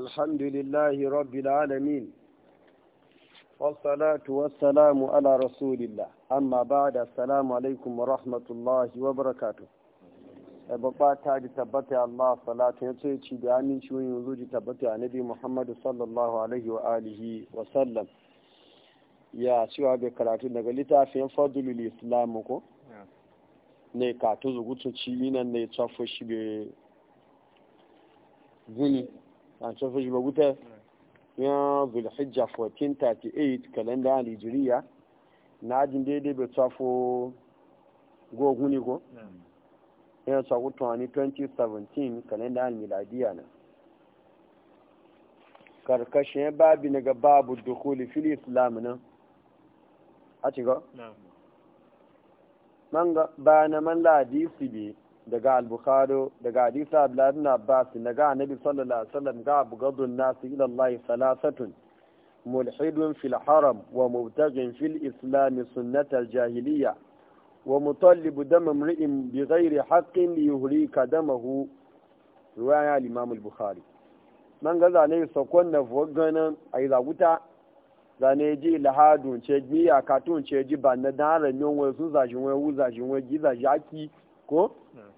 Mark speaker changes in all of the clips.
Speaker 1: الحمد لله رب العالمين والصلاة والسلام على رسول الله أما بعد السلام عليكم ورحمة الله وبركاته أبقى تاج تبتع الله صلاة يتشي بأمين شوي وزوج تبتع نبي محمد صلى الله عليه وآله وسلم يا سوى أبي كراتو نقلتا في فضل الإسلام وكو ne ka to zugutu ci yinan ne tsafo shi be guni an can fashi ba wuta ya zulhijja 1438 kalenda nigeria na ajin daidai bai gogun ne ko ya tafi tuwani 2017 kalenda miladiya na karkashin babi na ga babu dukuli fili islam nan a ci ga man ba na man ladisi bi daga al-bukhari daga hadisi abdullahi ibn abbas daga annabi sallallahu alaihi wasallam ga abu bugadun nasu ila allah salasatun mulhidun fil haram wa mubtaghin fil islam sunnat al-jahiliya wa mutallibu dam imri'in bi ghairi haqqin li yuhrika damahu riwaya al-imam al-bukhari man ga zane sakon na vogana ai zaguta zane ji lahadun ce ji akatun ce ji banna dan ran yon wa su zajin wa wuza jin wa ji zajaki ko hmm.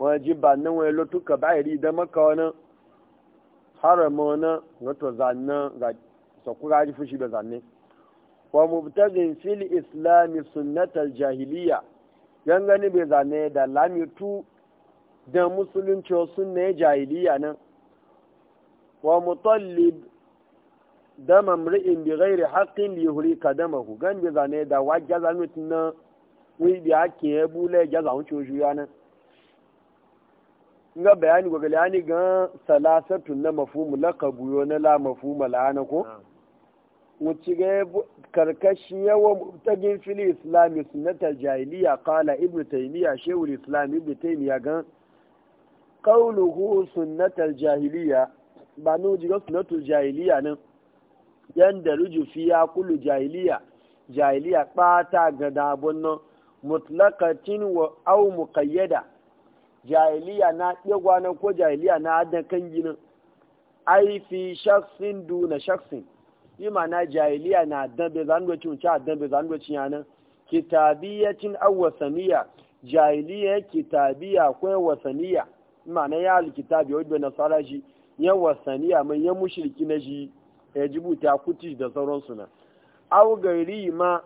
Speaker 1: Wani jiba nan wani lotuka ba iri da maka wani harama wani wato zanne ga sakura ji fushi da zanne wa mubtazin fil islami sunnatal jahiliya yan gani bai zane da lamitu da musulunci sunne jahiliya nan wa mutallib da mri'in bi ghairi haqqin li yuhrika damahu gani bai zane da wajja na nan wi bi ake ya bule jaza wuce juya nan nga bayani gwagali ani ga salasatu na mafhumu laqabu yo na la mafhuma la'ana ko wuce ga karkashin yawa tagin fili islam sunnata jahiliya qala ibnu taymiya shaykhul islam ibnu taymiya ga qawluhu sunnata jahiliya ba ji ga sunnatu jahiliya nan yanda ruju ya kullu jahiliya jahiliya ɓata ga dabon mutlaqatin wa aw muqayyada jahiliya na ɗegwa nan ko jahiliya na adan kan ginin ai fi shaksin duna shaksin yi mana jahiliya na dambe zandoci wuce a dambe zandoci yana kitabiyacin an wasaniya jahiliya kitabiya ko wasaniya mana ya alkitabi wadda na tsara shi ya wasaniya mai ya mushirki na shi ya ta kuti da sauransu na au gari ma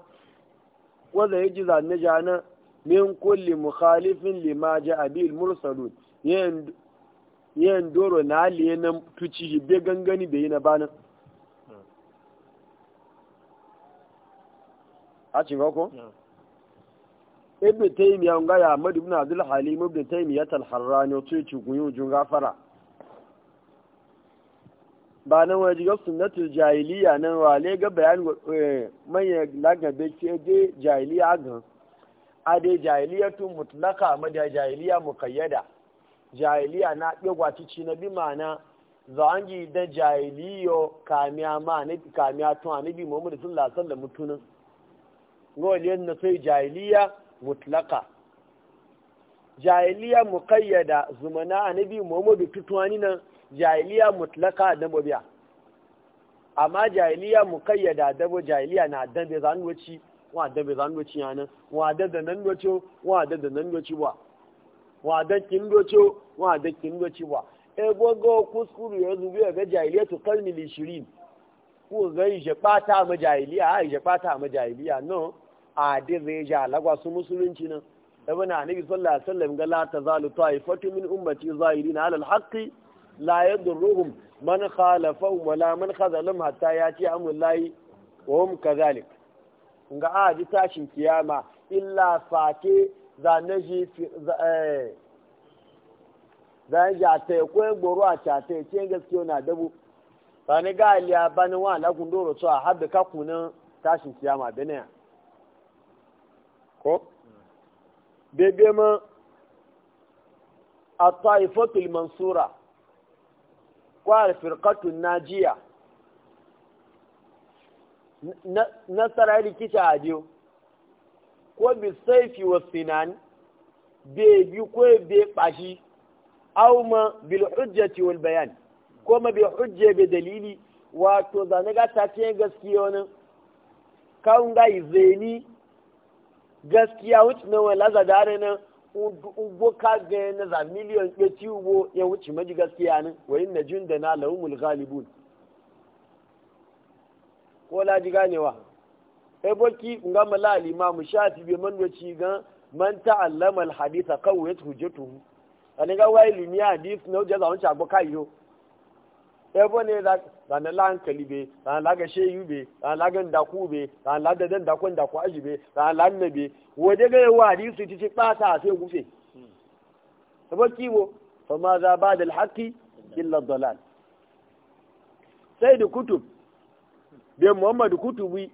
Speaker 1: wanda ya ji zane jana min kulli mukhalifin lima ja'a bil mursalun yan doro na aliye na tuci be gangani bai na bana a cin ko ibn taymiya nga ya ahmad ibn abdul halim ibn taymiya tal harrani to ci gunyu jun gafara ba nan wani jigar sunnatul jahiliya nan wale ga bayan eh, manya lagabe ke je jahiliya gan ade jahiliyatu mutlaka ma da jahiliya muqayyada jahiliya na ɗigwa cici na bi mana za an yi da jahiliyo kamiya ma ne kamiya tun anabi muhammadu sallallahu alaihi wasallam mutunan ngoliyan na sai jahiliya mutlaka jahiliya muqayyada zumana anabi muhammadu tutuwani nan jahiliya mutlaka da mabiya amma jahiliya muqayyada da jahiliya na dambe zan wuce wa da bai zan doci yana wa da da nan doci wa da da nan doci ba wa da kin doci wa da kin doci ba e gogo kuskuru ya zubi ga jahiliyatu kalmi li shirin ko ga je pata ma jahiliya a yi je pata ma jahiliya no a de zai ja lagwa su musulunci nan e ibn annabi sallallahu alaihi wasallam ga la tazalu ta'ifatu min ummati zahirin ala alhaqi la yadurruhum man khalafahum wala man khazalahum hatta yati amrullahi wa hum kadhalik nga a ji tashin kiyama illa fake za eh, na ji za ji ko yin gboro a ta ta ce gaskiya na dabu ba ni ga aliya ba ni wa alagun doro to a ka kakunan tashin kiyama benin ko bebe ma a taifatul mansura kwar firkatun najiya nasara rikici a jiyo ko bi saifi wa sinan be bi ko bai bashi au ma bil hujjati wal bayan ko ma bi hujje bai dalili wato zane ga ta ce gaskiya wani kawun ga izeni gaskiya wuce na wani lazadare na ugbo ka ga na za miliyan ɗaya ci ugbo ya wuce maji gaskiya ne wa na jin da na lahumul ghalibun ko laji ganewa e boki nga mala al-imam shafi be man wace ga man ta'allama al-hadith qawwat hujjatuhu ani ga wa wai limi hadith no za on chagbo kayo bo ne da dan la hankali be dan la ga sheyu be dan la ga ndaku be dan la da dan dakon daku aji be dan la wo wode ga wa hadith ti ti pata sai gufe boki wo fa ma za ba'da al-haqqi illa dalal sayyid kutub da muhammad kutubi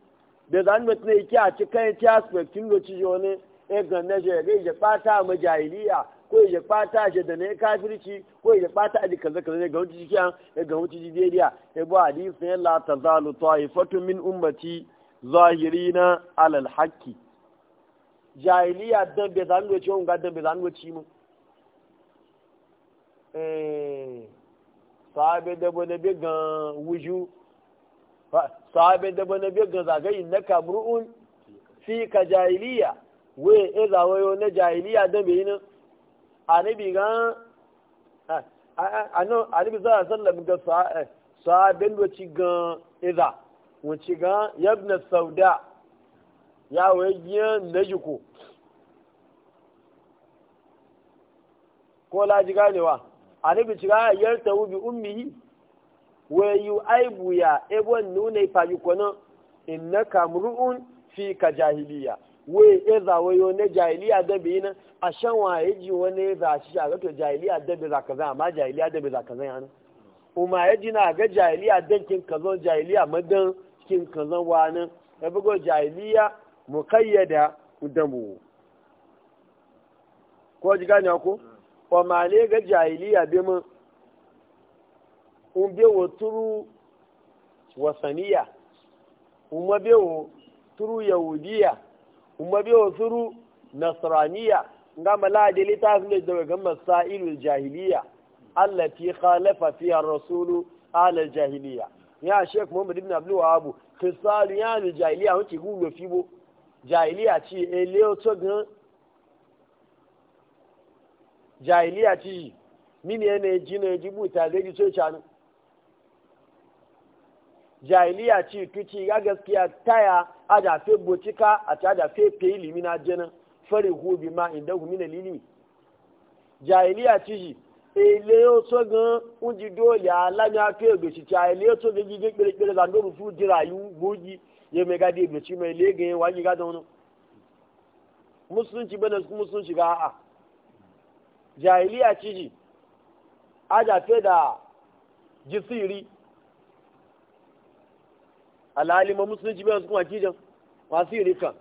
Speaker 1: da zanmet ne ki a cikin ti aspect kin jone e ganna je ga je fata ma jahiliya ko je fata je da ne kafirci ko je fata ji kaza kaza ga wuci kiyan e ga wuci jideriya e bo hadisi ne la tazalu ta'ifatu min ummati zahirina ala alhaqi jahiliya dan be zan loci on ga dan be zan loci mu eh sabe da bo ne be ga wuju sahabe da bane biyar ga zagayi na kamru'un fi ka jahiliya we e zawayo na jahiliya da bai nan anabi ga ano anabi za sallam ga eh, sahaben da ci gan iza mun gan yabna sauda ya waye na jiko ko laji ganewa anabi ci ga yarta bi ummihi wayu aibu ya ebon nuna fayi kwana innaka mru'un fi ka jahiliya we e za wayo ne jahiliya da bi na a shan waye ji wani za shi a to jahiliya da bi za ka za jahiliya da bi za ka za yana kuma ya ji na ga jahiliya dan kin ka jahiliya madan kin ka zo wani ya bugo jahiliya muqayyada da mu ko ji gane ko wa male ga jahiliya bi mun umbe wo turu wasaniya ma be wo turu yahudiya ma be wo turu nasraniya nga ta litafin da daga ga masailul jahiliya allati khalafa fiha rasulu ala jahiliya ya sheikh muhammad ibn abdul wahab khisalu ya jahiliya wuce gulo fibo jahiliya ti ele o to gan jahiliya ci mini ene jina jibuta ta ji so chanu jahiliya ci tuci ga gaskiya taya a da fe bocika a ta da fe fe ilimi na jinin fari hu bi ma inda hu na lili jahiliya ci shi ele yau so gan unji dole ala ni afi egbeshi ti ele o so gan gige kperekpere za ndoru fu jira yu goji ye mega di egbeshi ma ele gan wa yi ga dono musulunci bane su musulunci ga a jahiliya ci shi a da fe da jisiri alalima musulunci bai kuma kijan masu yi rika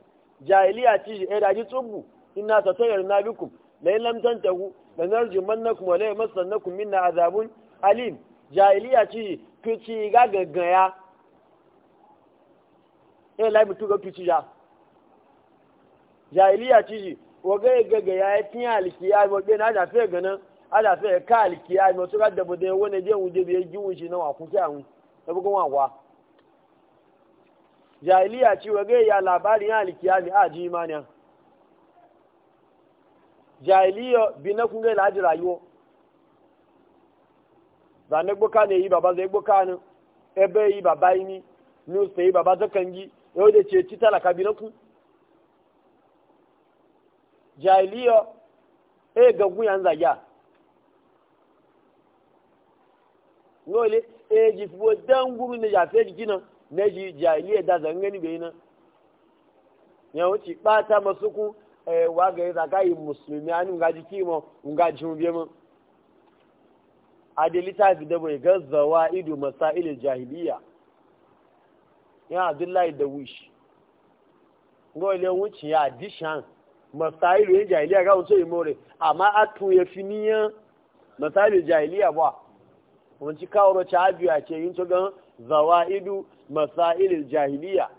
Speaker 1: jahiliya ci ya eh, daji tsubu ina ta tayar na bikum la in lam tantahu la narjumannakum wa la yamassannakum minna azabun alim jahiliya ci shi fici ga gaggaya eh lai mutu ga fici ya jahiliya ci wa ga gaggaya ya tiya alkiya wa be na da fiye ganin ada fiye ka alkiya no su ga da ya wani je wuje be giwun shi na wa ku ta mu da bugun wa jahiliya ci wa gaya labarin alkiyami a ji imaniya jahiliya bi na kun gaila aji rayuwa zane gboka ne yi baba zai gboka ne ebe yi baba yi ni ni ta yi baba zakan gi yau da ce ci talaka bi na kun jahiliya e gagun yan zagya nole e jifuwa dan dangun ne ya fe jikinan na ji jahiliya da zangani bai nan ya wuce ɓata masu ku eh, wa ga yi zaka yi musulmi an nga ji kima nga ji mu biye mu adili ta fi da bai gazzawa ido masailin jahiliya ya abdullahi da wish ngole wuce ya dishan masailu yin jahiliya ga wuce imore amma atu ya fi niyan masailu jahiliya ba wani ci kawo ro ce yin to gan زوائد مسائل الجاهلية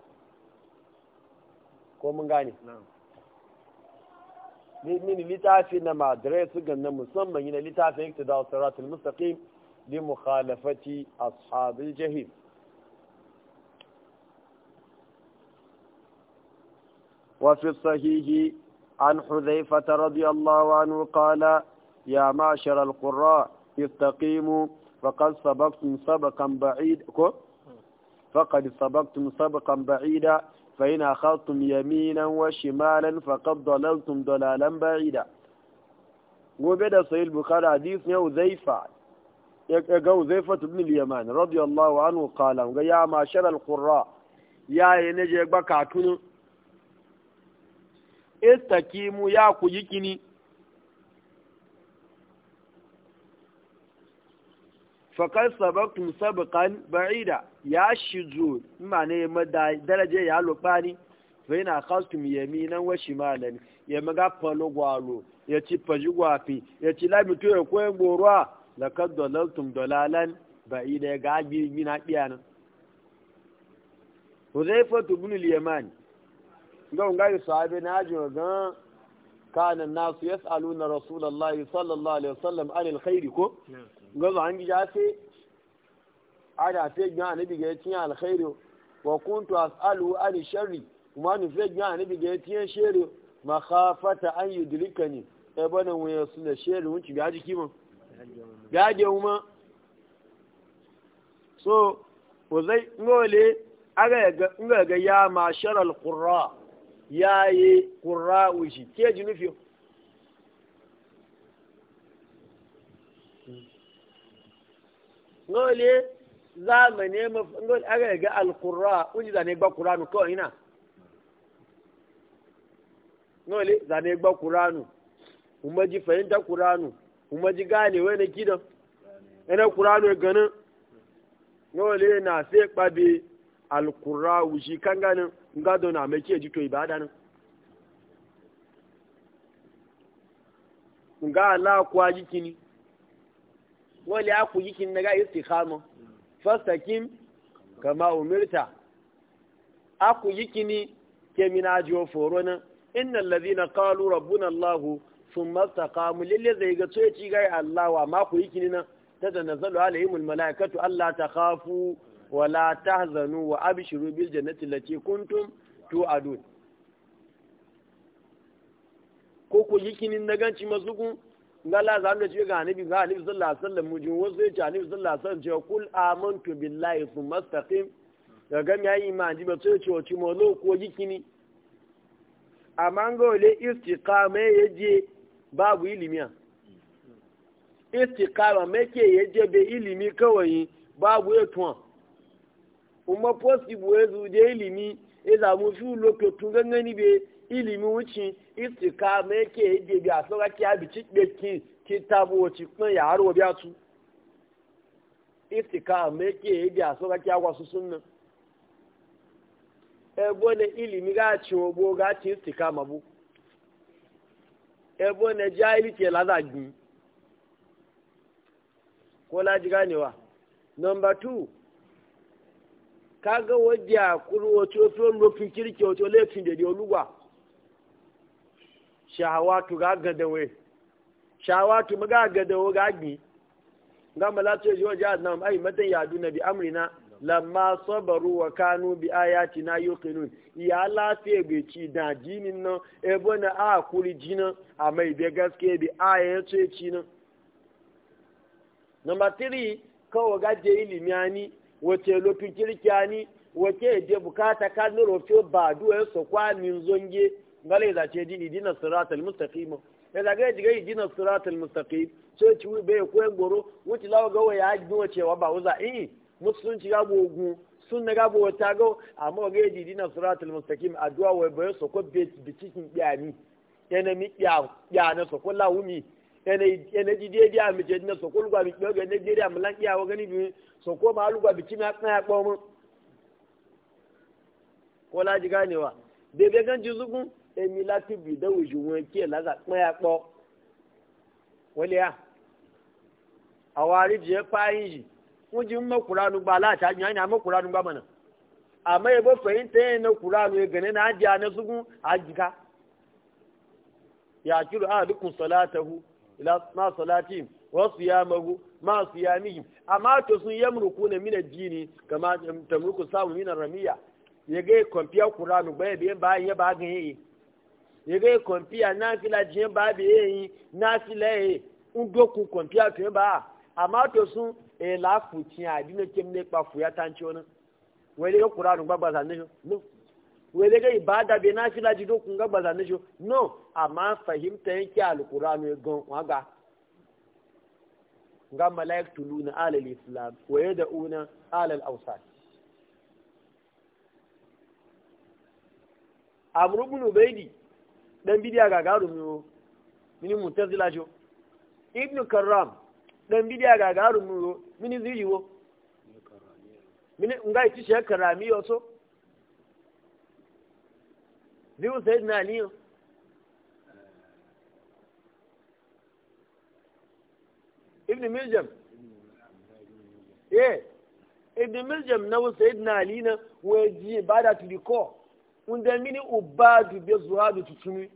Speaker 1: كم غاني نعم من لتعفي نما درس قلنا مسمى هنا لتعفي اقتداء صراط المستقيم لمخالفة أصحاب الجهيل وفي الصحيح عن حذيفة رضي الله عنه قال يا معشر القراء استقيموا فقد سبقتم سبقا بعيد فقد سبقتم سبقا بعيدا فإن أخذتم يمينا وشمالا فقد ضللتم ضلالا بعيدا وبدا صحيح البخاري حديث يقول يوزيفة بن اليمان رضي الله عنه قال يا معشر القراء يا نجي بكعتون استكيموا يا كجيكني fakar sabaktum sabakan ba'ida ya shizo mane daraje ya lukpani fa yana khastum yaminan wa shimalan ya maga falo gwalo ya ci faji gwafi ya ci lami to ya koyen goruwa lakad dalaltum dalalan ba'ida ya ga bi mina diyana Huzaifa ibn al-Yaman ga unga sahabe na ji ga kana nasu yas'aluna rasulullahi sallallahu alaihi wasallam anil khairi ko gaza an gija a ada fe gina anabi ga yatin alkhairu wa kuntu as'alu an sharri kuma ni fe gina anabi ga yatin sharri makhafata an yi yudlikani e bana waya suna sharri wuci ga jiki mun ga je kuma so wazai ngole aga ga nga ga ya ma shara'l qurra yayi qurra wuci ke ji nufi ngole zamane ma ngole aga ga alqurra unji zane gba qur'anu ko ina ngole zane gba qur'anu kuma ji fahimta qur'anu kuma ji gane wani kidan ina qur'anu e ganin ngole na se kpabi alqurra wushi kangana ganin ngado na mai eji ji to ibada nan nga ala kwa jikini wale aku yi kin ga istikhama fastakim kama umirta aku yi ke mina jo foro innal ladina qalu rabbuna allah thumma istaqamu lil zai ga yaci ga allah wa ma ku yikini na tada nazalu alaihim al malaikatu alla takhafu wa la tahzanu wa abshiru bil jannati allati kuntum tu'adun ko ku yi na ganci mazugun ngala za mu ce ga annabi ga annabi sallallahu alaihi wasallam mujin wasu ya ce annabi sallallahu alaihi wasallam ce kul amantu billahi thumma istaqim daga mi ayi iman ji ba ce ce o ti mo lo ko jikini amma ga ole istiqama yaje babu ilimi ilimiya istiqama meke yaje be ilimi kawai babu etuwa umma possible wezu je ilimi e za mu fi lokotun gangani be ilimi wucin istikama yake ebe bi a sauka ki abi cikbe ki ki tabo ci kun ya obi biya su istikama yake yadda a sauka ki agwa su sunna ebo ne ilimi ga ci obo ga ci istikama bu ebo ne jahili ke lazagin ko laji ganewa number two kaga wajen akuru wato to rufin kirki wato laifin di olugwa shahawatu ga gadawe shahawatu mu ga gadawo ga gi ga malatu ji jahannam ai matan yadu na bi amrina lamma sabaru wa kanu bi ayati na yuqinun ya fi be ci da jinin nan e bona a kuri jina a mai be gaske bi ayati ci nan number 3 ko ga je ilimi ani wace lokin kirki ani wace je bukata kan fi ba e so kwa min zonge ngale za ce ji idina siratal mustaqim ya zaga ji ga idina siratal mustaqim so ci wi be ko goro wuti lawa ga waya ji no cewa ba uza eh musulunci ga gogu sun ga bo ta ga amma ga ji idina siratal mustaqim addu'a wa bayo so ko be bitikin yani ene mi ya ya na so ko lawumi ene ene ji dai dia mi je na so ko lugwa mi ga ne dai am lan iya wa gani bi so ko ma lugwa bitin ya tsaya ko mu ko ji ganewa bebe ganji ji zugun emi láti bìdá òjò wọn kí ẹ lásà pín apọ wọlé à àwọn àríjìẹ páyìn yìí wọn jí mọkùnránù gba aláàtàjù àyìn àmọkùnránù gba mọnà àmọ ìbò fẹyìn tẹyìn na kùránù ẹgẹnẹ náà di anẹsùgún àjìká yàtúrò àdúkùn sọlá àtẹhù ìlà máa sọlá tìmù. wasu ya magu masu ya mihim amma to sun yamruku na mina jini kama tamruku samu mina ramiya ya ga kwamfiyar kuranu baya ya ba gan yayi yege kɔmpiya nafila diɲɛ baa bi eyi nafila ye e, n dokun kɔmpiya tun ba a ma to sun e la fu tiɲɛ a di ne kye ne kpa fuya tan tiɲɛ na wele ke kura nu ka sa ne so no wele ke ibada bi nafila di dokun gbagba sa ne so no a ma fahimta yin kye alukura nu e gan wa ga nga malaik tuluna alal islam wa una alal awsat amru ibn di. dan bidiya ga gagarumi wo mini mutazila jo ibn karram dan bidiya ga gagarumi wo mini ziji wo mini nga iti she karami yo so ziu na ali ibn miljam eh ibn miljam na sayyidina ali na waji bada to the core wanda mini ubadu be zuhadu tutumi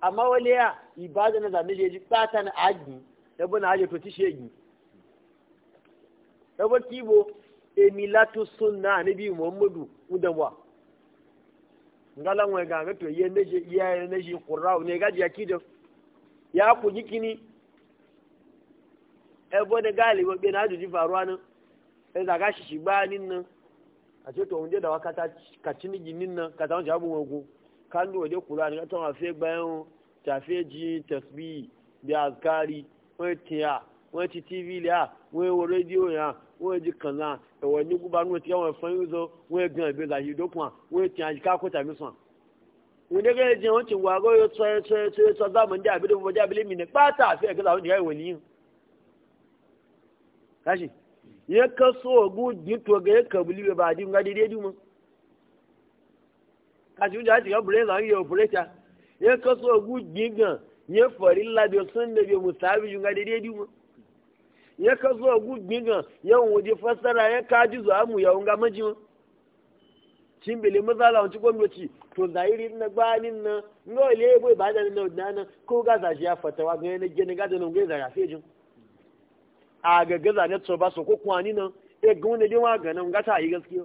Speaker 1: amma wale ya ibada na zane jeji tata na agi ebe na aje to ti ebe yabo kibo emilatu sunna ne bi muhammadu wanda wa ngala ngwe ga to ye neje ya neje qurra ne gaji akido ya ku jikini ebo ne gali wo be na ajuji faruwa nan e zaga shi shi ba nin nan a ce to da wa kata ka ni ginin nan ka ta wancan abin wagu kan da waje kura ne ta wafe bayan tafe ji tasbi da azkari wani tiya wani ti tv liya wani wo rediyo ya wani ji kanna da e wani guba nuna tiya wani fan yuzo wani gan ebe zahi dokuwa wani tiya ji kako tafi son wunde ka yi jiyan wancan wago ya tsaye tsaye tsaye tsaye zamani da abin da mabaji abin limini ba ta fi a gaza wani ya yi wani Kashi. ya so gu dito ga ya kabuli ba di ngadi de di mu ka ju ja ji ga bure na yo bure ta ya kaso gu ye ya la de sun de be musabi ju ngadi de di mu ya kaso gu gigan ya wuje fasara ya kaji zuwa amu ya nga maji mu shin bele mazala wanci gwamnati to zahiri na gbanin na ngole boy ba da na ko ga zaji ya fatawa ga ne ga da nan ga da nan ga a gaggaza ne tsoba su ko kuwa nan e ga wani lewa ga nan gata yi gaskiya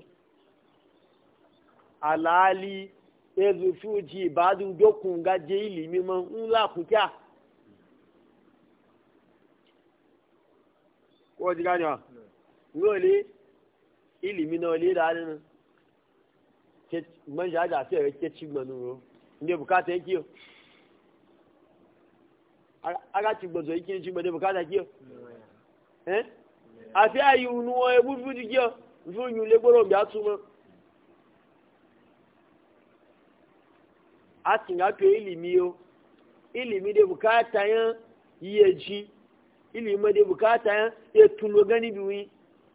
Speaker 1: alali e zufu ji ba du dokun ga je ilimi man in la ku kya ko ji gani wa ngole ilimi na ole da nan ke man ja ja sai ke ci ro ne bukata yake yo aga ci gbozo yake ci bane bukata yake yo Eh? àti àyè ònú wọn ebú fún ti fún ìyún lẹ́gbọ́rọ̀ bí a túmọ̀. a sì ń àpè ìlìmí o ìlìmí de bùkátà yẹn yíyẹ jí ìlìmí de bùkátà yẹn ètò lọ́gán níbi wí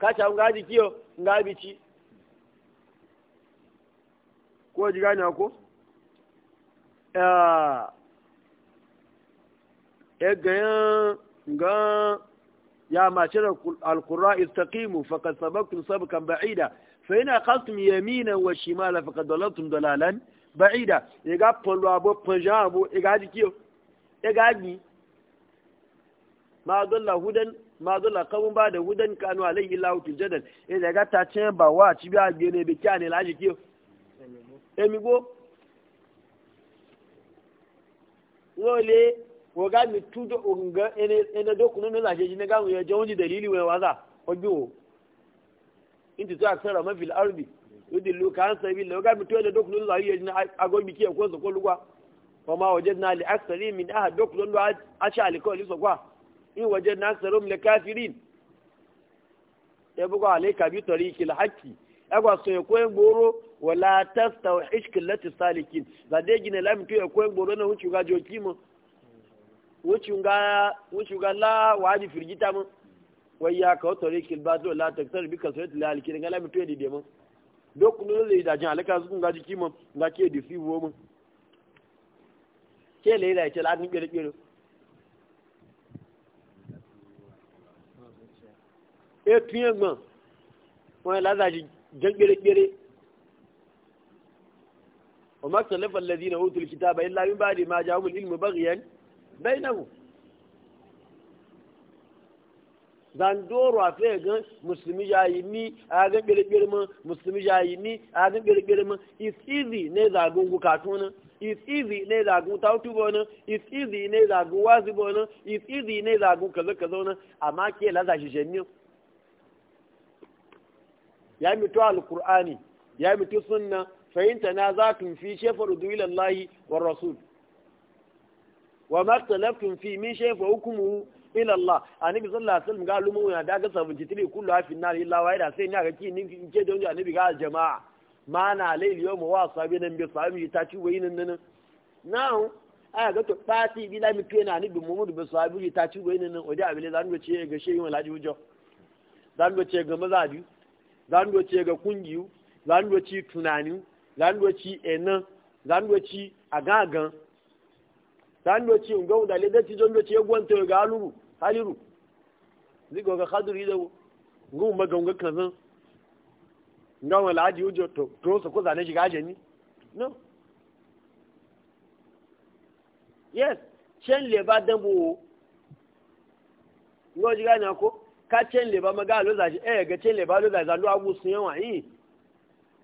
Speaker 1: Kacha ń gáàdì kí ọ ń gáàbì tí. kó o jìgá ní ọkọ. gan يا معشر القراء استقيموا فقد سبقتم سبقا بعيدا فإن أخذتم يمينا وشمالا فقد ضللتم ضلالا بعيدا إيغا بولو أبو بنجابو إيغا ديكيو إيغا دي ما ضل هدى ما ضل قوم بعد هدى كانوا عليه الله تجدل إذا إيغا تاتين باوا تشبيا بيني بكاني لاجي كيو إيميغو wọ́n ولي waga mi tudo unga ene ene do kuno ne laje jine ga ya jonji dalili wa waza ojo inti to aksara ma fil ardi yudi lu kan sabi lo ga mi to ene do kuno laje jine ago bi ki e ko so ko luwa wa ma wajadna li aksari min ahad do kuno lo acha ali ko li so kwa in wajadna aksarum li kafirin ya bugo alayka bi tariqil haqqi agwa so ya koyen goro wala tastawhish killati salikin za de gine lam to ya koyen goro na hucu ga jokimo wuce ga la waji firgita mun wai ya kawo tare ki ba zo la taktar bi kaso ta lalki daga la mutu da mun dok no da jan alaka su ga jiki ga ke di fi wo mun ke le da ke la ni bere bere e tuye gbon wọn lada ji jan bere bere وما اختلف الذين اوتوا الكتاب الا من ma ما جاءهم العلم بغيا bainahu zandoro a fiye gan musulmi yi ni a gan ɓirɓir ma musulmi yi ni a gan ɓirɓir ma it's easy ne zagun gukatu na it's easy ne zagun tautu ba na it's easy ne zagun wazi ba na it's easy ne zagun kaza kaza na amma ke laza shi jami'a ya mito alkur'ani ya mito sunna fahimta na za tun fi shefar duwilan lahi wa rasul wa ma talaftum fi min shay fa hukmu ila Allah annabi sallallahu alaihi wasallam ga lumu ya daga 73 kullu hafi nar illa ida sai ni ga ki ni ke don annabi ga jama'a mana layl yawm wa sabi nan bi sabi ta ci wayin nan now aya ga to fati bi la mi pe na annabi muhammad bi sabi ta ci wayin nan odi abile zan go ce ga shehi wala wujo zan go ce ga mazadi zan go ce ga kungiyu zan go ci tunani zan go ci enan zan go ci agagan sandoci nga wunda le dati jondo ci egwanto ga aluru haliru zigo ga khadru ido ngu maga nga kazan nga wala aji ujo to to so ko zane shiga ajeni no yes chen le ba dambu ngo jiga na ko ka chen le ba maga lo zaji eh ga chen le ba lo zaji zalu agu sun yawa yi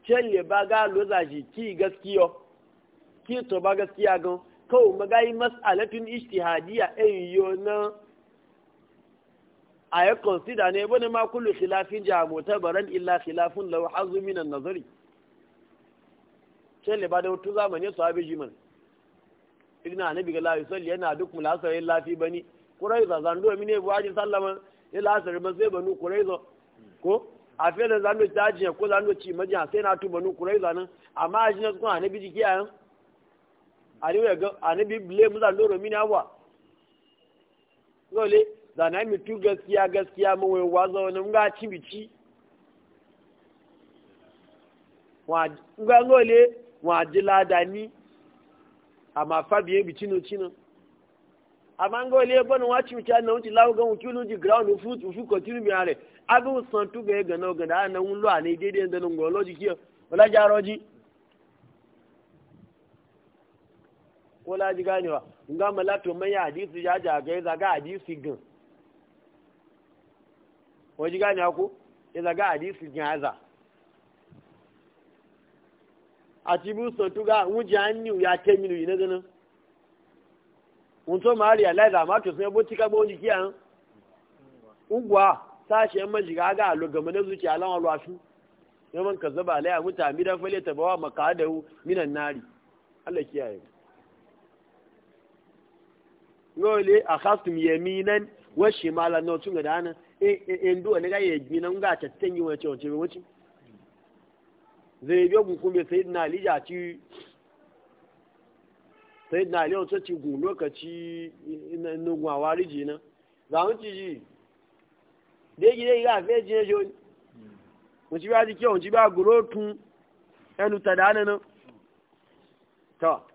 Speaker 1: chen le ba ga lo zaji ki gaskiyo ki to ba gaskiya gan kawo magayi mas'alatin ɗin ayyo eh, na a yi consider ne bane ma kullu khilafin jamu baran illa khilafun lau hazu na nazari sai le ba da wata zamani su abin jiman Ina na ga lafi salli yana duk mulasar yin lafi kurai za zando mi ne jin sallama yin lasar ba sai banu za ko a fiye da zando ta jiya ko zando ci majiya sai na tu banu za nan amma a jinar kuma na jiki kiyayen ani wɛ ani mu bile musa loro mini awa lɔle zana mi tu gaskiya gaskiya mu wɛ wazɔ ne nga ci bi ci wa nga lɔle wa di laada ni ama fa biye ye bi ci no ci no ama nga lɔle bɔnu wa ci bi ci ana wuti lawo gan wuti olu di ground fu fu kɔtinu bi are abi wusan tu gɛ e gana gana ana ŋun lɔ ani dede ndanu ŋgɔ lɔ di kiyɔ ɔlajɛ ko laji ganewa in ga malato mai hadisi ya jagaye zaga hadisi gan ji ganewa ko ya zaga hadisi gan haza a so tu ga wuji hannu ya ce minu yi na ganin to ma realize ma to sun yabo tika gbonji kiyan ugwa sashi yan majiga ga alogama na zuciya lan alwashu yaman kazzaba alai a mutami dan fale da hu minan nari Allah kiyaye mu ngole akhastum yaminan wa shimala no tunga dana e e, e ndo ne ga yeji na nga ta tanyi wa chonche wuci zai biyo gun kumbe sayyidina ali ja ci sayyidina ali on ci gun lokaci na nugwa wariji na za mu ci ji de gi de ga fe ji jo mo ci ba di ki on ci ba guro tun enu ta dana no to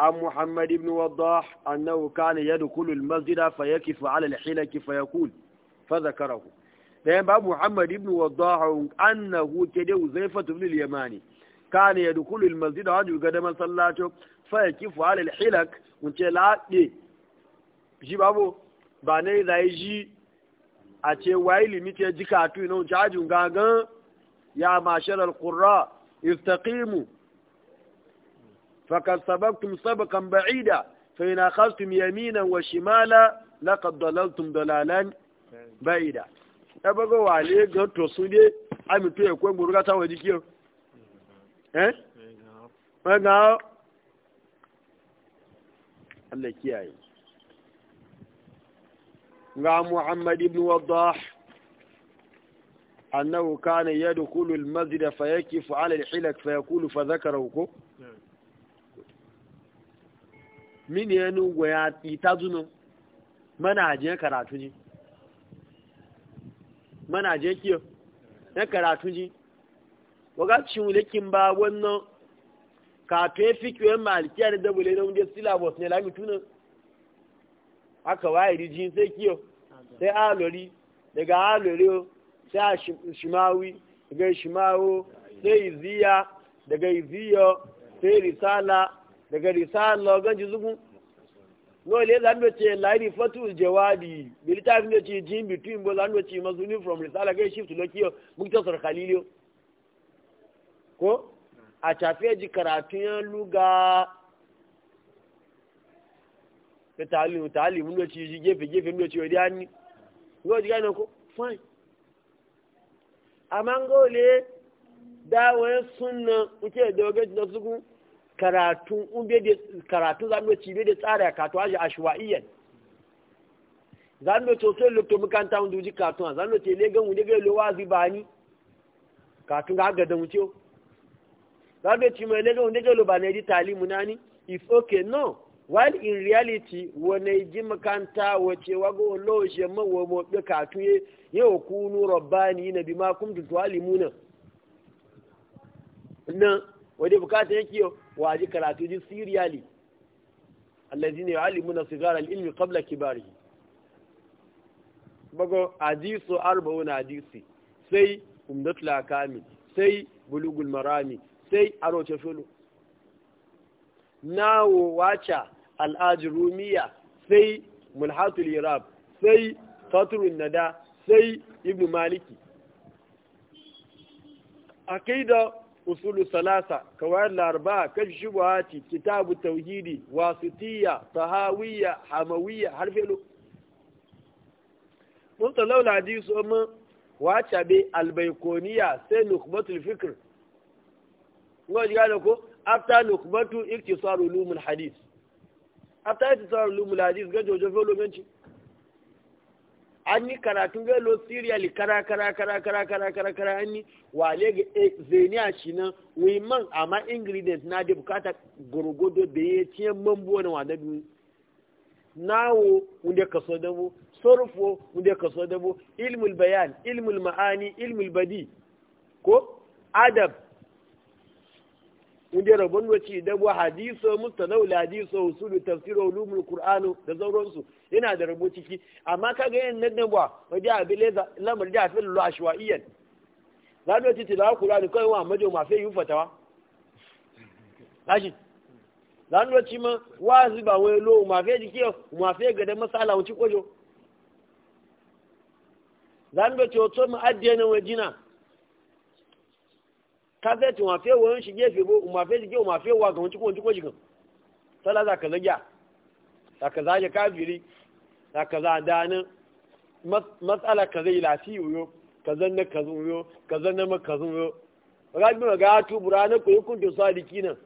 Speaker 1: عن محمد بن وضاح أنه كان يدخل المسجد فيكف على الحلك فيقول فذكره لأن باب محمد بن وضاح أنه كده زيفة بن اليماني كان يدخل المسجد رجل قدم صلاته فيكف على الحلك وانت لأ shi babu ba na yi zai ji a ce wayi limiti ya ji katu ina wuce ajin gangan فقد سبقتم سبقا بعيدا فإن أخذتم يمينا وشمالا لقد ضللتم baida. بعيدا ɗabaga wale ga to su ne amito ya kwen gurga ta waje kiyo eh ga Allah ibn Waddah annahu kana yadkhulu al-masjid fa yakifu ala al-hilak fa yaqulu fa dhakarahu mini yanu goya ita zunan manajiyar karatu ji manajiyar kiyo na karatu ji wakacin lekin ba wannan kato ya fi kiyon malikiya da dabule na wunde syllabus ne lami tunan aka waye rijin sai kiyo sai alori daga alori sai a shimawi daga shimawo sai iziya daga iziyo sai risala daga risalar ganji zugun wale zanuwa ce lari fatu jawabi military ne ce jin between bo zanuwa ce mazuni from risala kai shift lokiyo muktasar khalilio ko a tafiya ji ya luga ta tali talimu ne ce gefe gefe ne ce wadi hannu ko ji gane ko fine amma ngole dawo sunna uke dogaji na zugun karatu umbe karatu do da tsara a to aje ashwaiyan zan do to sai lokto wanda mun duji karatu zan do te legan mu daga lo wazi bani karatu ga ga da mu ciyo do ci mai legan mu daga lo bani yi talimu munani if ok no while in reality wane ji makanta wace wago lo je ma wo mo be karatu ye yau kunu rabbani na bima kuntum tu'alimuna na wadda bukata yake waji karatu ji siriyali allazi ne alimu na sigarar ilmi kabla kibari bago hadisu arba'un hadisi sai umdatul akami sai bulugul marami sai aroce fulu nawo wacha al'ajrumiya sai mulhatul irab sai fatrun nada sai ibnu maliki akida usulu salasa kawai larba kan shubuhati kitabu tauhidi wasitiya tahawiyya hamawiyya har felo mun talau ladi su amma wace be albaikoniya sai lukmatul fikr ngo ji gane ko after lukmatu iktisar ulumul hadith after iktisar ulumul hadis ga jojo felo an yi karatun galo serial kara kara kara kara kara kara kara an yi wale ga eh, zeniya shi nan wiman amma ingredient na da bukata gurgudu da ya ciye mambo na wada biyu nawo wanda kaso dabo sorfo wanda kaso dabo ilmul bayan ilmul ma'ani ilmul badi ko adab inda rabon wace da bu hadiso mustanau hadiso usulu tafsir ulum alquran da sauransu yana da rabo ciki amma kaga yan nan da ba waje abile lamar da fil ashwaiyan do ti tilawa qur'ani kai wa majo ma sai yu fatawa dan zado ci ma wazi ba wai lo ma fe ji ki ma fe ga da masala wuci kojo dan zado ci to mu addiya wajina kafet wa fe won shi gefe bo ma fe ge ma wa ga won cikon cikon jikan sala za ka zagya za ka zaje kafiri za ka za dana matsala ka zai lafi uyo ka zanna ka zuyo ka zanna ma ka zuyo ga bi ga tu burana ko yukun to sadiki nan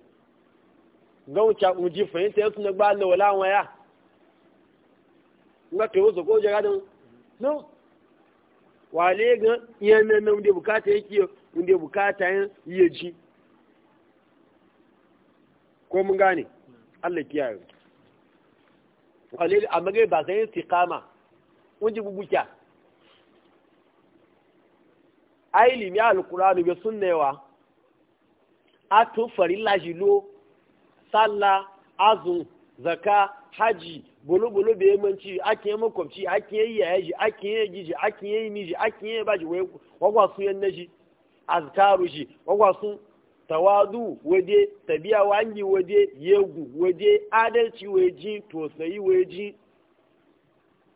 Speaker 1: ga wuce ji fahimta yansu na gba na wala waya nga ke wuzo ko jaga dan no wale ga yana nan da bukata yake inda bukata yin iya ji ko mun gane Allah kiyaye walil amma gai ba sai istiqama wajen bubukya aili mi alqur'anu bi sunnewa tun fari jilo salla azun zaka haji bolo-bolo bai manci ake yi makwabci ake yi yayaji ake yi gizi ake yi miji ake yi baji wagwa yan naji azkaru shi wakwa sun tawadu waje tabiya wangi waje yegu waje adalci waje tosayi waje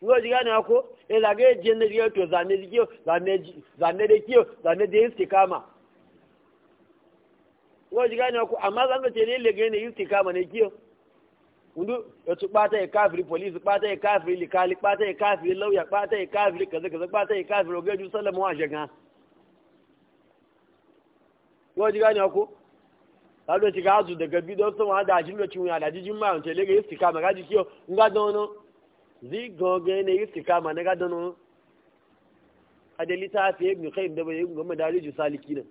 Speaker 1: yau ji gane ko e zage je ne jiya to zane jiyo zane zane da kiyo zane da istikama yau ji gane ko amma zan ga tele lege ne istikama ne kiyo undu ya tu bata ya kafiri polisi, bata ya kafiri likali bata ya kafiri lauya bata ya kafiri kaza kaza bata ya kafiri ogeju sallama wa jagan ko ji gane ko ta do ci gazu daga bidon sama da jin lokacin ya da jin ma ta lega istika ma gaji kiyo nga dono zi goge ne istika ma na ga dono adelita fi ibn qayyim da bai ga madariju salikina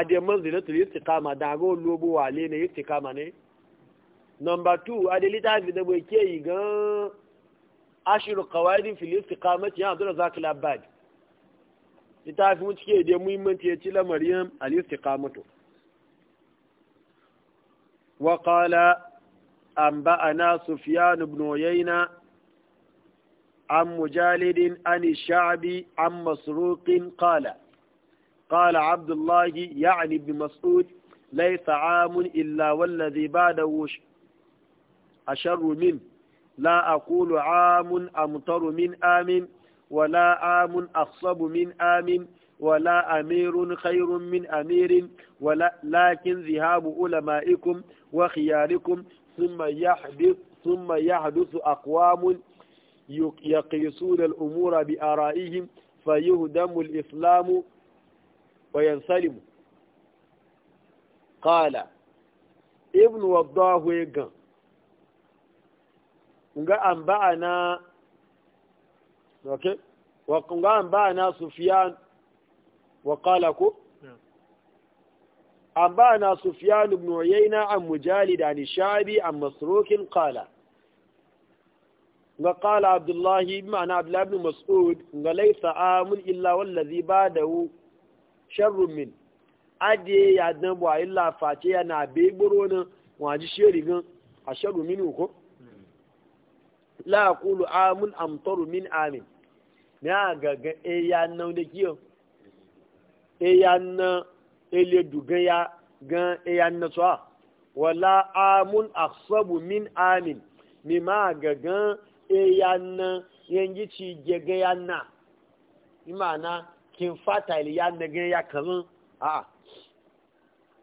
Speaker 1: ade manzilatul istiqama da go lobo wale ne istiqama ne Nomba 2 adelita litafi da bai ke yi ga ashir qawaidin fil istiqamati ya abdul zakil abbad littafin wuce ke da muhimmanci ya ci lamarin al-istiqamatu wa qala anba'ana sufyan ibn uyayna an mujalid an ash-sha'bi an masruq qala qala abdullah ya'ni ibn mas'ud laysa 'amun illa walladhi ba'dahu asharru min la aqulu 'amun amtaru min amin wala amun aksabu min amin wala amirun khairun min amirin wala lakin zihabu ulama'ikum wa khiyarikum thumma yahdith thumma yahduthu aqwamun yaqisuna al-umura bi ara'ihim fayuhdamu al-islamu wa yansalimu qala ibn waddahu gan nga amba'ana okay wa kungan ba na sufyan wa qala ku an ba na sufyan ibn uyayna an mujalid an shabi an masruk qala ga qala abdullah ibn ana abdullah ibn mas'ud ga laysa amun illa wallazi badahu sharrun min ade ya dan bo illa face yana be gboro na waji sheri gan asharru min ko la aqulu amun amtaru min amin na gaga eya nan da kiyo eya na ele dugan ya gan eya e na tsawa wala amun aksabu min amin mi ma gagan eya na yanji ci gege ya na imana kin fata ya na gan ya kaman a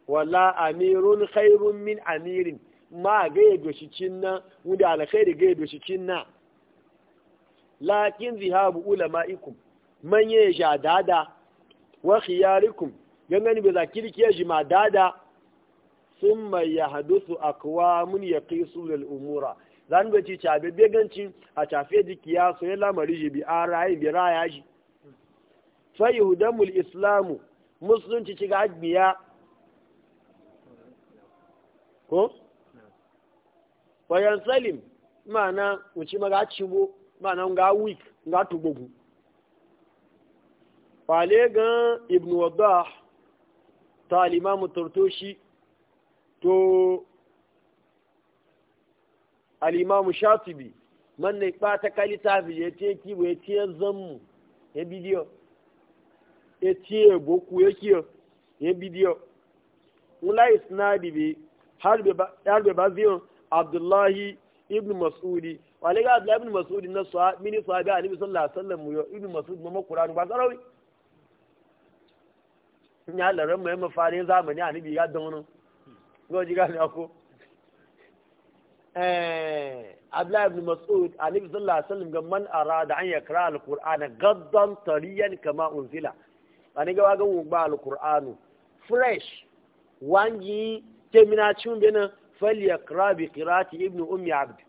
Speaker 1: wala amirun khairun min amirin ma ga ya doshi cin nan wanda alkhairi ga ya doshi lakin zihabu ulama'ikum man ya sha dada wa khiyarikum gangani bai zakiri ke ya ma dada sun mai ya hadusu a kuwa mun ya kai su umura zan ga ci cabe begancin a cafe jikiya so ya lamari shi bi an rayu bi raya shi fa yahudamul islamu musulunci ci ga biya ko wayan salim ma'ana wuce maga cibo mana nga wik nga tugugu fale gan ibnu wadah ta alimamu tartoshi to alimamu shatibi man ne kpata kalita bi ya ce ki ya ce zammu ya bidiyo ya ce boku ya kiyo ya bidiyo wula isnadi bi har be ba ziyon abdullahi ibn mas'udi wale ga abdullahi ibn mas'ud na sa mini sahabi annabi sallallahu alaihi wasallam yo ibn mas'ud ma qur'ani ba sarawi nya la ran mai mafari zamani annabi ga don wannan go ji ni ako eh abdullahi ibn mas'ud annabi sallallahu alaihi wasallam ga man arada an yakra alqur'ana gaddan tariyan kama unzila ani ga ga wo ba alqur'anu fresh wangi temina chumbena falyakra bi qirati ibn ummi abd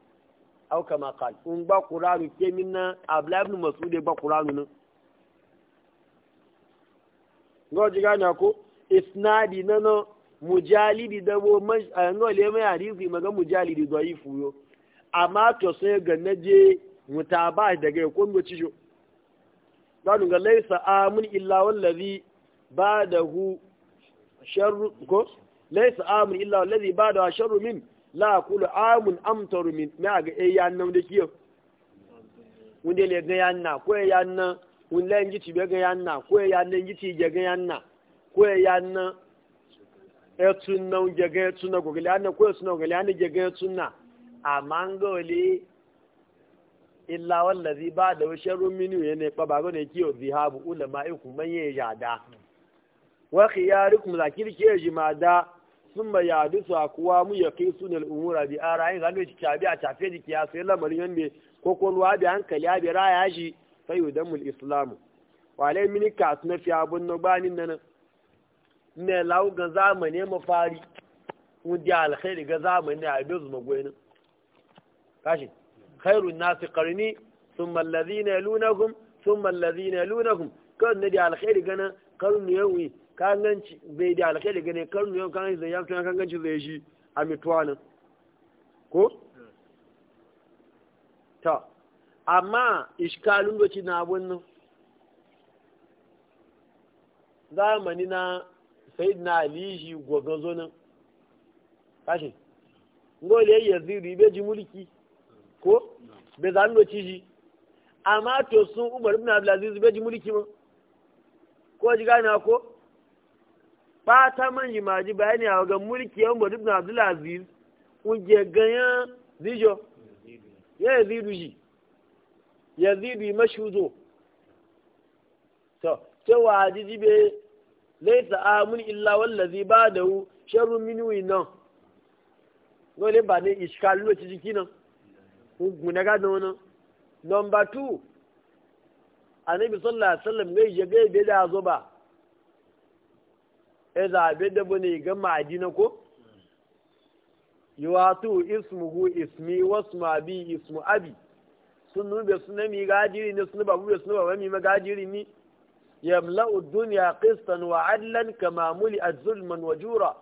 Speaker 1: au kama qal un ba qur'anu ke minna abla ibn mas'ud ba qur'anu nan ngo jiga na ko isnadi nano mujalidi da bo man eh, ngo le mai hadisi maga mujalidi dhaifu yo amma to sai ga naje mutaba daga kun go cijo dan ga laysa amun illa wallazi ba'dahu sharru laysa amun illa wallazi ba'dahu sharru min la kulu amun amtaru min na ga e ya nan da kiyo wunde le ga yan na ko ya nan wun len ji ti ga yan na ko ya nan ji ti ga yan na ko ya nan e tun nan ga ga tun na ko ga nan ko tun na ga nan ga ga tun na amangoli illa wallazi ba da sharrun minu yana ba ba ne kiyo zihabu ulama'ikum man yajada wa khiyarukum zakirki jimada summa ya dusu a kuwa mu ya kai su ne al'umura bi ara yin gano shi kyabi a tafe jiki ya sai lamarin yadda ko ko ruwa bi hankali ya bi raya shi sai yudan mul islamu alai mini su na fiya bun na gbanin nan ne lawu ga zamani mafari wudi alkhairi ga zamani a zuma magoyin kashi khairun nasi qarni thumma alladhina yalunahum thumma alladhina yalunahum kan ne di alkhairi gana karnu yawi kanganci bai da alkai daga ne karnu yau kanganci zai yafi na kanganci zai shi a mituwa nan ko? ta amma iskalin doci na abun nan zamani na sai na alishi gwagon nan kashi ngole ya yanzu bai ji mulki ko bai zan doci shi amma to sun umar ibn abdulaziz bai ji mulki ma ko ji gane ko fata man yi maji bayani a wajen mulki yawon bari na zula aziz kuje ganyen zijo ya yi yazidu ji zidu yi mashi mashuzo to cewa jijibe sa'a mun illa wallazi ba da hu sharru minwi nan wani ba ne iskalu lo jiki nan gun na gada wani number two annabi sallallahu alaihi wasallam ya je gai da zo ba ya e zaɓe da bane ga na ko ismu hu ismi wasu ma bi ismu abi sun nube suna mi gajiri ne Sun babu suna babu mi magajiri ni yamla'u duniya kristan wa adlan kama muli a zulman wa jura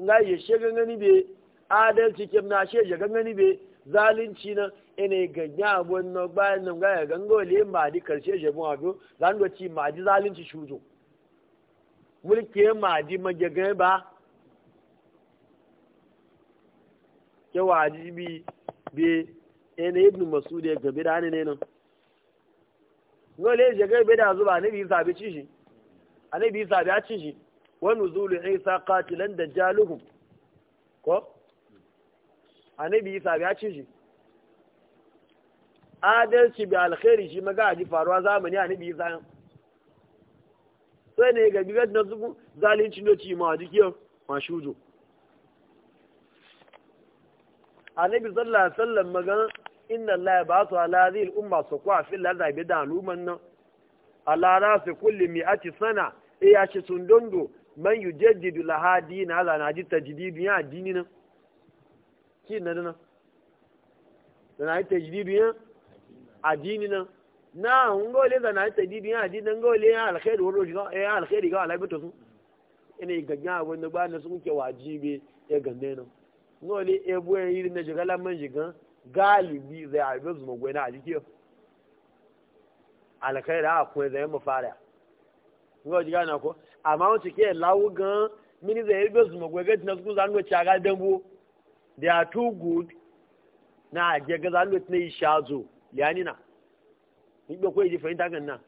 Speaker 1: nga ya she gani be adalci kem na she ye gani be zalunci na ene ganya abun no ba nan ga gango le ma di karshe je bu abu zan do ci ma di zalunci shujo mulki maji magagai ba ke bi be ene ibn masud ya gabe da ne nan wale je be da zuba nabi isa bi ci shi bi sa bi ci shi wa nuzul isa qatilan dajjaluhum ko bi isa bi ci shi adalci bi alkhairi shi maga ji faruwa zamani bi isa sai ne ga biyar na zubu zalunci da ci ma yau? ma a annabi sallallahu alaihi wasallam magana inna ba su ala umma su kwa fi fil bi da aluman nan ala rasi kulli mi'ati sana e ya sun dondo man yujaddidu laha na ala na ji tajdidu ya dini nan ki nan nan na ji tajdidu ya adini nan na ngole zana ta didi ya ji dan ngole ya alkhairi woro shiga ya e, alkhairi ga alai bito su ina ganya abun da ba na sun ke wajibi ya e gande no ngole e bo e yiri na jiga la man jiga galibi zai albe zuma na alkhairi a zai mu fara jiga na ko amma wace ke gan mini zai albe zan they are too good na shazo yanina nígbà kó èyí fẹ̀yìntà kan náà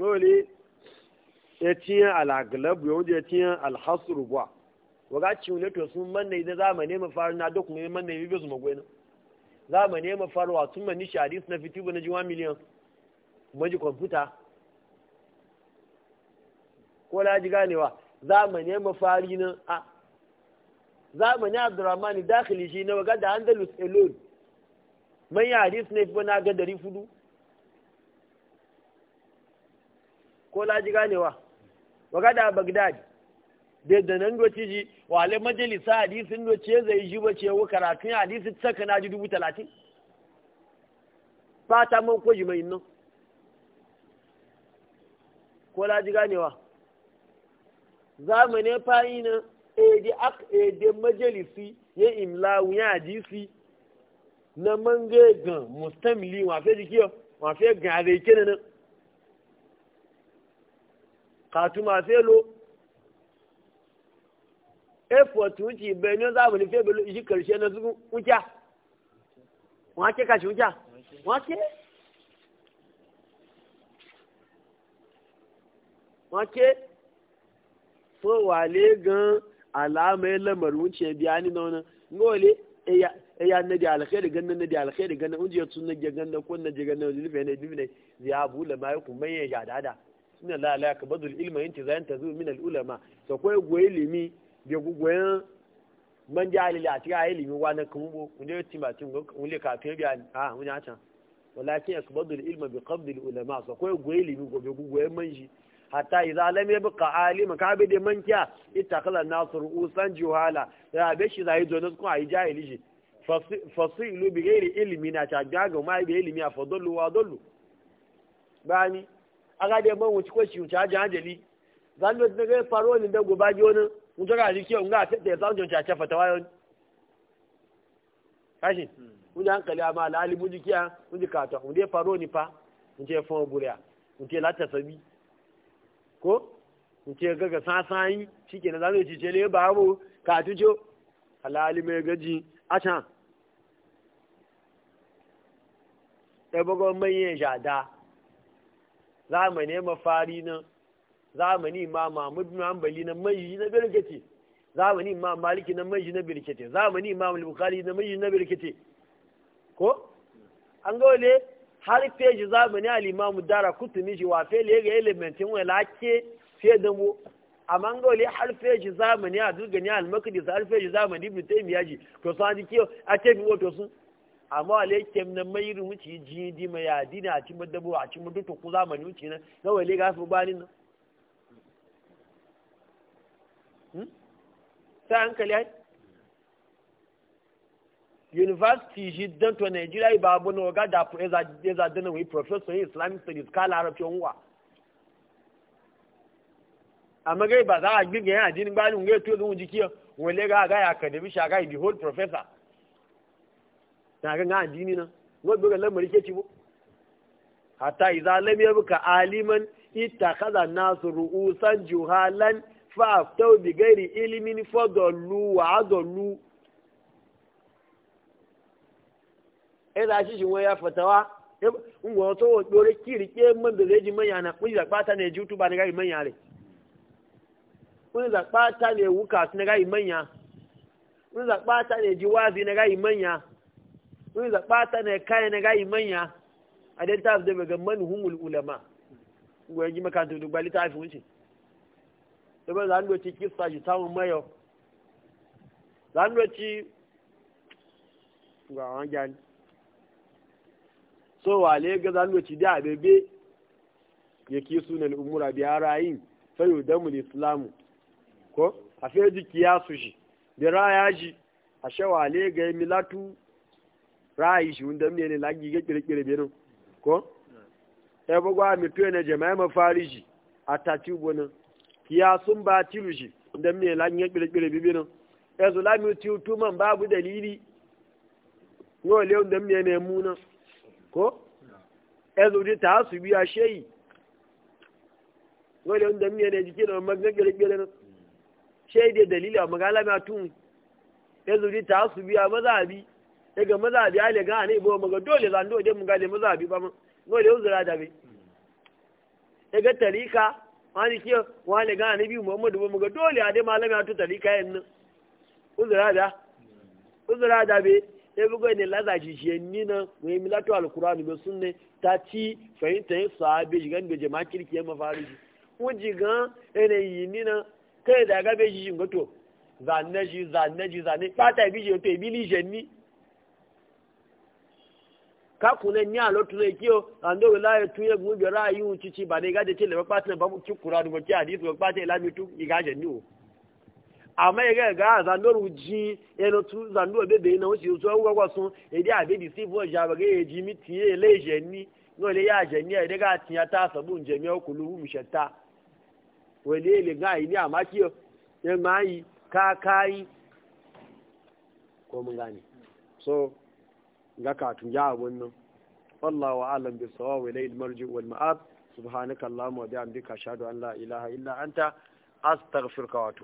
Speaker 1: lóòlì etiyan alagalabu yóò jẹ́ etiyan alhassuru buwa waga ciwo ne sun manna idan za mu nema faru na duk ne manna bibe su magwai na za mu nema faru wa tun mani shari na fiti na jiwa miliyan maji kwamfuta ko laji ganewa za mu nema fari na a za mu ne abdurrahman dakili shi na da andalus alone manyan hadis ne fi na ga dari fudu ko laji ganewa wagada bagdad da da nan doci ji wale majalisa hadisin doci zai ji bace wa karatun hadisi saka na ji dubu talatin fata mun ko ji mai nan ko laji ganewa zamane fa'ina eh, de eh, majalisi ya imla ya hadisi na mange gan mustamili wọn fẹ́ di kíyọ wọn gan àrẹ kéde náà kàtúmọ̀ fẹ́ lo efọ̀tù ń ti bẹ ní ọ̀sán àbẹ̀lẹ̀ fẹ́ bẹ̀rẹ̀ ìṣí kẹrìṣẹ́ náà tún ń jà wọn á ké kàṣí ń jà wọn á ké wọn gan àlàámẹ́ lẹ́mọ̀rún ń tiẹ̀ bí i á nínú e ya na da alkhairi ganna na da alkhairi ganna unji ya sunna je ganna ko na je ganna libe ne libe ne ya bu la mai ku mai ya dada inna la la ka badul ilma inta zayan tazu min al ulama to koy goyi limi be gugoyan man ja ali la tiya ilimi wa na kumbo ma timatin go kunle ka fe bi ah mun ya can walakin yakbadu al ilma bi qabd al ulama to koy goyi limi go be gugoyan ji hatta idza lam yabqa alima ka bi de man mankiya ittakhadha nasru usan juhala ya be shi zai do na ku ai jahili shi fasilu bi gairi ilimi na ta gaga ma bi ilimi a fadallu wa dallu bani aga de man wuci ko shi wuci aja anjeli zan do daga faro ni da goba ji wani mun ga ji kiyo nga ta ta sanjon ta fata fatawa yon kashi mun hmm. da hankali ama lali mun ji kiya mun ji ka kata mun dai faro ni pa mun ce fon buriya mun ce lata sabi ko mun ce yi sasayi na zan ci ce le ba mu ka tujo alali mai gaji a can ɗabagon manyan jada zamani mafari nan zamani ma mahmud na ambali na manji na birkete zamani ma maliki na manji na birkete zamani ma bukari na manji na birkete ko an ga wale har feji zamani alimamu dara kutu shi wa fele ga elementin wani lake fiye da mu amma ga wale har feji zamani a duk a almakadisa har feji zamani ibn taimiyaji to sun ji kiyo a ce wato sun amma wale kem na mairu muci wuce ji di ma ya ne a ci madabo a ci madutu ku zamani muci na na wale ga su bani na. ta hmm? hankali hai university ji don to nigeria ba abu na waga da eza dana wai professor islamic studies kala harafin wa amma gai ba za a gbigin yana jini gbani ngai to zuwa jikiyar wale ga gaya ya akademi shaga the whole professor na ga nga addini na ngo bi ga lamari ke ci bo hatta idza lam yabka aliman ittakhadha nasu ru'usan juhalan fa aftau bi ghairi ilmin fadallu wa adallu ila e shi shi ya fatawa e ngo to dore kiri ke man da zai manya na kun da kwata ne jutu ba ne ga manya re kun da kwata ne wuka ne ga manya kun da kwata ne wazi ne ga manya sun zaɓa ta na kayan na gayi manya a dai ta zai ga manuhumul ulama goya gima makarantar tuntun gbali ta haifi wuce da ba zan kista shi samun mayo zan ga wani gani so wale ga zan da abebe ya ki sunan a biya rayin fayo damul islamu ko a fiye ya su shi da raya shi a shawale ga milatu rai shi wunda mne ne lagi ga kirkire biyu ko ya bugwa mi tuye na jama'a ma fariji a tati na kiya sun ba tilu shi wanda ne lagi ga kirkire benin ya zulami tutu man babu dalili yau le wunda mne ne muna ko ya zuri ta su biya shayi yau le wunda mne ne jiki na magana kirkire nan shayi da dalili a magana ma tun ya zuri ta su biya maza bi daga mazabi ya le gane ma maga dole zan ndo je mun ga mazabi ba mun le uzura da be daga tarika wani ke wani gane bi muhammadu ba maga dole a dai malami atu tarika yin nan uzura da uzura da be e bugo ne laza jijiye ni na mai milatu alqur'ani be sunne ta ci fahimta yin sahabe jigan da jama'a kirki ya mafariji wujigan ene yi ni na kai da ga be jijin goto zanne ji zanne ji zanne fata bi je to ibi e ni je ni kakune ni alo tule kio ando wilaya tuye gumbi ra yu chichi ba de gaje chile ba patne babu chukura do kya di to patne la mitu igaje ni o ama ege ga za no ruji eno tu za no bebe na o si so wa kwa sun e di abi di sivo ja ba ge ji mi ti e le je ni no le ya je ni e de ga ti ta so bu nje mi okulu wu mi sheta we le le ga ni ama kio e ma yi ka kai ko mun so ga katun ya abun nan wallahu a'lam bis sawab ilayhi al marji wal ma'ab subhanaka allahumma wa bihamdika ashhadu an la ilaha illa anta astaghfiruka wa